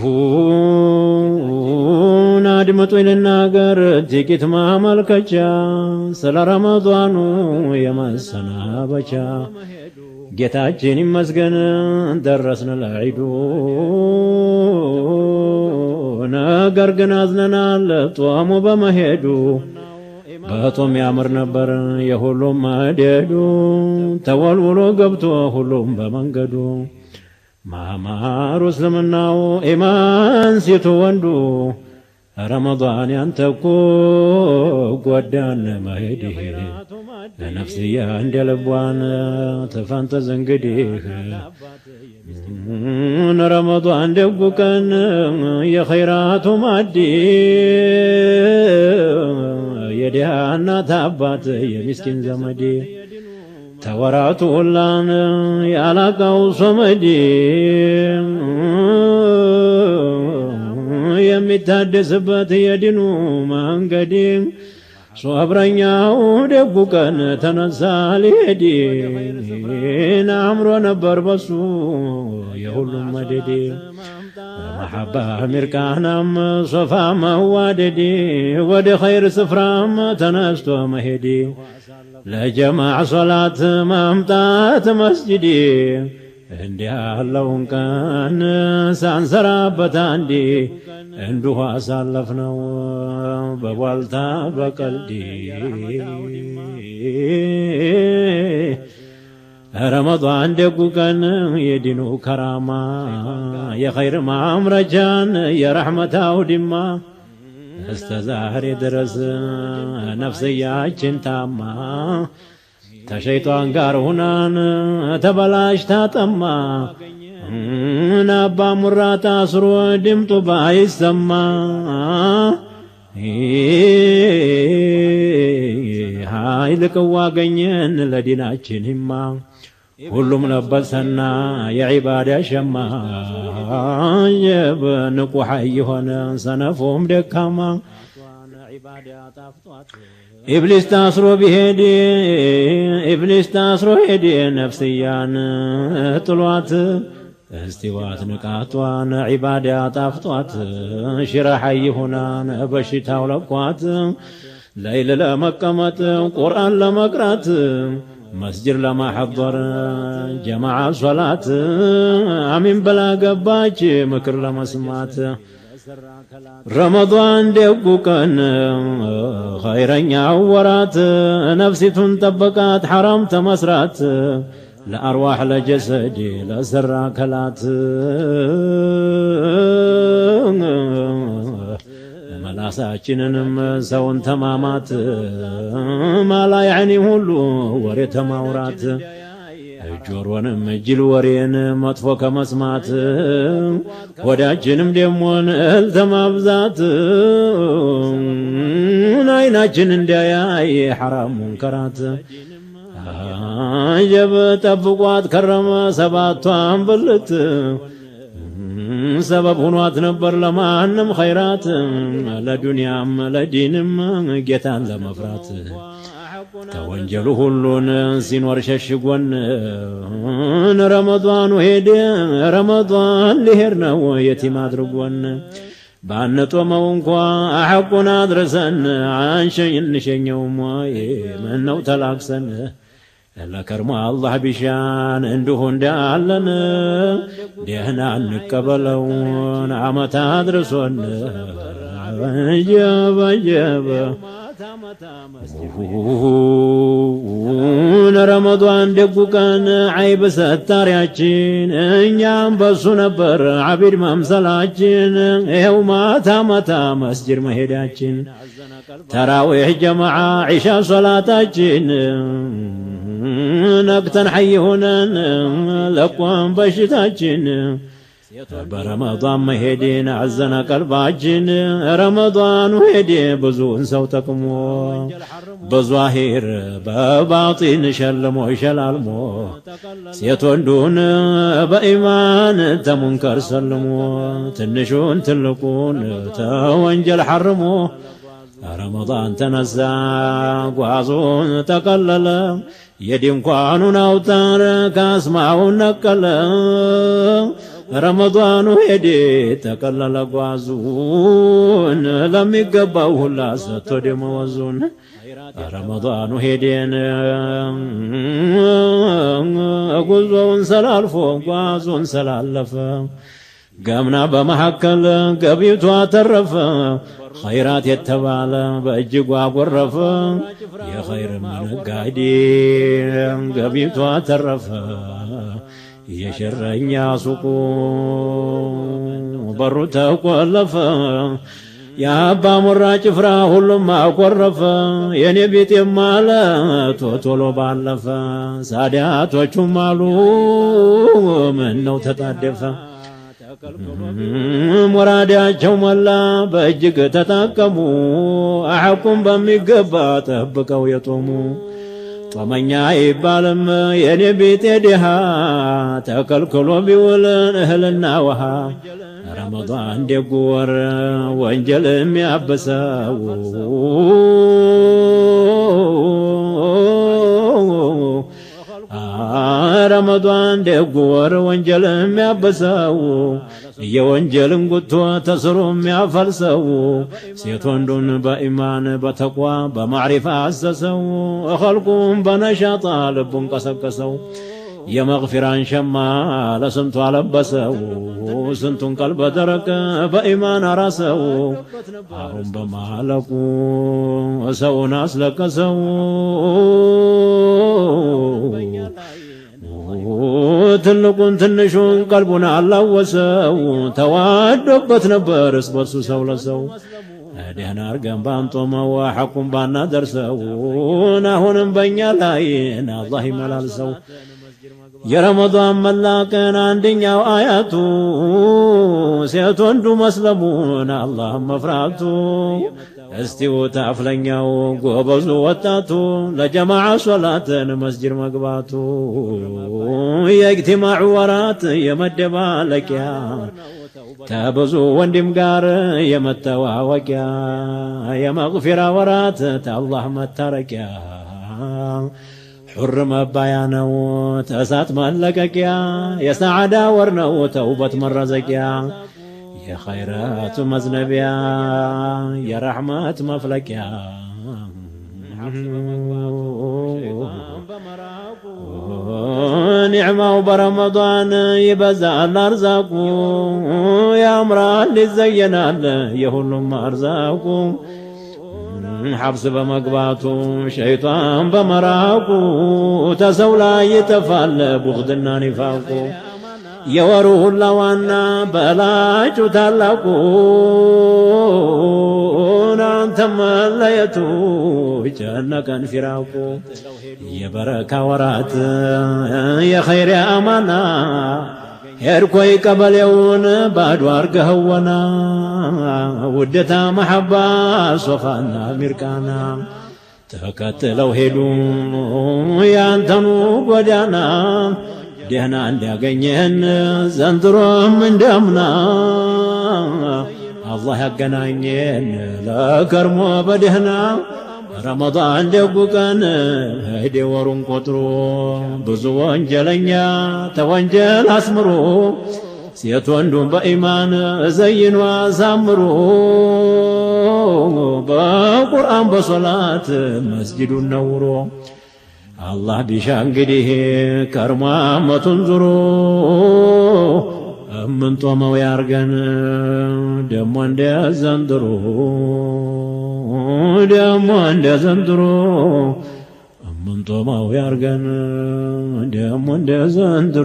ሁን አድምጡ ልናገር ጥቂት ማመልከቻ ስለ ረመዷኑ የመሰናበቻ ጌታችን ይመስገን ደረስን ለዒዱ። ነገር ግን አዝነናል ጦሙ በመሄዱ በጦም ያምር ነበር የሁሉም መደዱ ተወልውሎ ገብቶ ሁሉም በመንገዱ ማማሩ እስልምናው ኢማን ሴቱ ወንዱ ረመዳን ያንተኮ ጓዳን መሄድህ ለነፍስያ እንደ ልቧን ተፈንጠዝ እንግዲህ ረመዳን ደጉ ቀን የኸይራቱ ማዲ የድሃ እናት አባት የሚስኪን ዘመዴ ተወራቱ ሁላን ያላቃው ሶመዲ የሚታደስበት የዲኑ መንገድ ሶብረኛው ደጉ ቀን ተነሳ ሊሄድ አምሮ ነበር በሱ የሁሉም መደድ በመሐባ ሚርቃናም ሶፋ መዋደድ ወደ ኸይር ስፍራም ተነስቶ መሄድ ለጀማ ሶላት ማምጣት መስጅድ እንዲህ ያለውን ቀን ሳንሰራበት አንዴ እንዲሁ ነው በቧልታ በቀልዲ ረመዷን ደጉ ቀን የዲኑ ከራማ የኸይር ማምረጃን የረሕመታው ድማ እስከ ዛሬ ድረስ ነፍስያችን ታማ ከሸይጣን ጋር ሁናን ተበላሽ ታጠማ አባ ሙራ ታስሮ ድምጡ ባይሰማ ኃይል ቅዋ ገኘን ለዲናችንማ ሁሉም ለበሰና የዒባዳ ሸማ የብንቁ ሐይ ሆነ ሰነፎም ደካማ ኢብሊስ ታስሮ ቢሄድ ኢብሊስ ታስሮ ሄድ ነፍስያን ጥሏት እስቲዋት ንቃቷን ዒባዳ ጣፍጧት ሽራ ሐይ በሽታው ለቋት ለይል ለመቀመጥ ቁርአን ለመቅራት مسجد لما حضر جماعة صلاة عمين بلا قباج مكر لما سمعت رمضان ديبو كان خيرن يعورات نفسي تنطبقات حرام تمسرات لأرواح لجسد لسرى كلات ራሳችንንም ሰውን ተማማት ማላ ያዕኒ ሁሉ ወሬ ተማውራት ጆሮንም እጅል ወሬን መጥፎ ከመስማት ወዳችንም ደሞን እህል ተማብዛት አይናችን እንዲያያይ ሐራም ሙንከራት ጀብ ጠብቋት ከረመ ሰባቷን ብልት ሰበብ ሆኗት ነበር ለማንም ኸይራት ለዱንያም ለዲንም ጌታን ለመፍራት ከወንጀሉ ሁሉን ሲኖር ሸሽጎን ረመዷኑ ሄደ ረመዷን ሊሄድ ነው የቲም አድርጎን ባንጦመው እንኳ ሐቁን አድርሰን አንሸኝ እንሸኘውም ወይ ምነው ተላክሰን ለከርሞ አላህ ቢሻን እንዲሁ እንዳለን ደህና እንቀበለውን አመት አድርሶን ጀበጀበ ረመዷን ደጉ ቀን አይብ ሰታሪያችን እኛም በሱ ነበር ዓቢድ መምሰላችን ይኸው ማታ ማታ መስጅድ መሄዳችን ተራዊሕ ጀማዓ ዒሻ ሶላታችን نقتن حيهنا لقوان بشتاجن برمضان مهدين عزنا قلباجن رمضان مهدي بزون صوتكم بزواهير بباطين شلمو شلالمو سيتون دون بإيمان تمنكر سلمو تنشون تلقون تونجل حرمو رمضان تنزع قوازون تقلل የድንኳኑን አውታር ካስማውን ነቀለ። ረመዷኑ ሄዴ ተቀለለ ጓዙን ለሚገባው ሁላ ሰጥቶ ደመወዙን ረመዷኑ ሄዴን ጉዞውን ሰላልፎ ጓዙን ሰላለፈ ገምና በመካከል ገቢቷ ተረፈ ኸይራት የተባለ በእጅጉ አጎረፈ የኸይር ነጋዴ ገቢቷ ተረፈ የሸረኛ ሱቁ በሩ ተቆለፈ የአባ ሞራ ጭፍራ ሁሉም አቆረፈ የኔ ቤጤም አለ ቶቶሎ ባለፈ ሳዲያቶቹም አሉ ምን ነው ተጣደፈ ሙራዳቸው ሞላ በእጅግ ተጠቀሙ አሐቁም በሚገባ ጠብቀው የጦሙ ጦመኛ ይባልም የኔ ቤቴ ድሃ ተከልክሎ ቢውልን እህልና ውሃ ረመዳን ደጉወር ወንጀል የሚያበሰው ረመዷን ደጉ ወር ወንጀል የሚያበሰው የወንጀልን ጉቶ ተስሮ የሚያፈልሰው ሴት ወንዱን በኢማን በተቋ በማዕሪፍ አሰሰው እኸልቁም በነሻጣ ልቡን ቀሰቀሰው የመግፊራን ሸማ ለስንቱ አለበሰው ስንቱን ቀልብ ደረቀ በኢማን አራሰው አሁን በማለቁ ሰውን አስለቀሰው ትልቁን ትንሹን ቀልቡን አላወሰው ተዋዶበት ነበር እስበሱ ሰው ለሰው ደህና አርገን ባንጦመው ሐቁን ባናደርሰው አሁንም በእኛ ላይ አላህ ይመላልሰው። የረመዷን መላቅን አንደኛው አያቱ ሴት ወንዱ መስለሙን አላህም መፍራቱ እስቲው ታፍለኛው ጎበዙ ወጣቱ ለጀማዓ ሶላትን መስጅድ መግባቱ የእጅትማዑ ወራት የመደባለቂያ ተብዙ ወንድም ጋር የመተዋወቂያ የመግፊራ ወራት ተአላህ መታረቂያ ሑር መባያ ነው ተእሳት መለቀቂያ የሰዓዳ ወር ነው ተውበት መረዘቂያ يا خيرات مزنبيا يا رحمة مفلك نعم يا نعمة وبرمضان يبزع الأرزاق يا أمرأة اللي زينا يهل ما أرزاق حبس بمقباطو شيطان بمراقو تزولا يتفال بغدنا نفاقو የወሩ ሁላ ዋና በላጩ ታላቁ ናንተ መለየቱ ጨነቀን ፊራቁ የበረካ ወራት የኸይር አማና ሄድኮይ ቀበሌውን ባዶ አርገኸወና ውደታ መሐባ ሶፋና ሚርቃና ተከትለው ሄዱ ያንተኑ ጎዳና ደህና እንዲያገኘን ዘንድሮም እንደምና አላህ ያገናኘን ለከርሞ በደህና ረመዳን ደጉ ቀን ሄዴ ወሩን ቆጥሮ ብዙ ወንጀለኛ ተወንጀል አስምሮ ሴት ወንዱን በኢማን ዘይኖ አሳምሮ በቁርአን በሶላት መስጂዱን ነውሮ አላህ ቢሻ እንግዲህ ከርሞ አመቱን ዙሮ እምንጦመው ያርገን ደሞ እንደ ዘንድሮ ደሞ እንደ ዘንድሮ እምንጦመው ያርገን ደሞ እንደ ዘንድሮ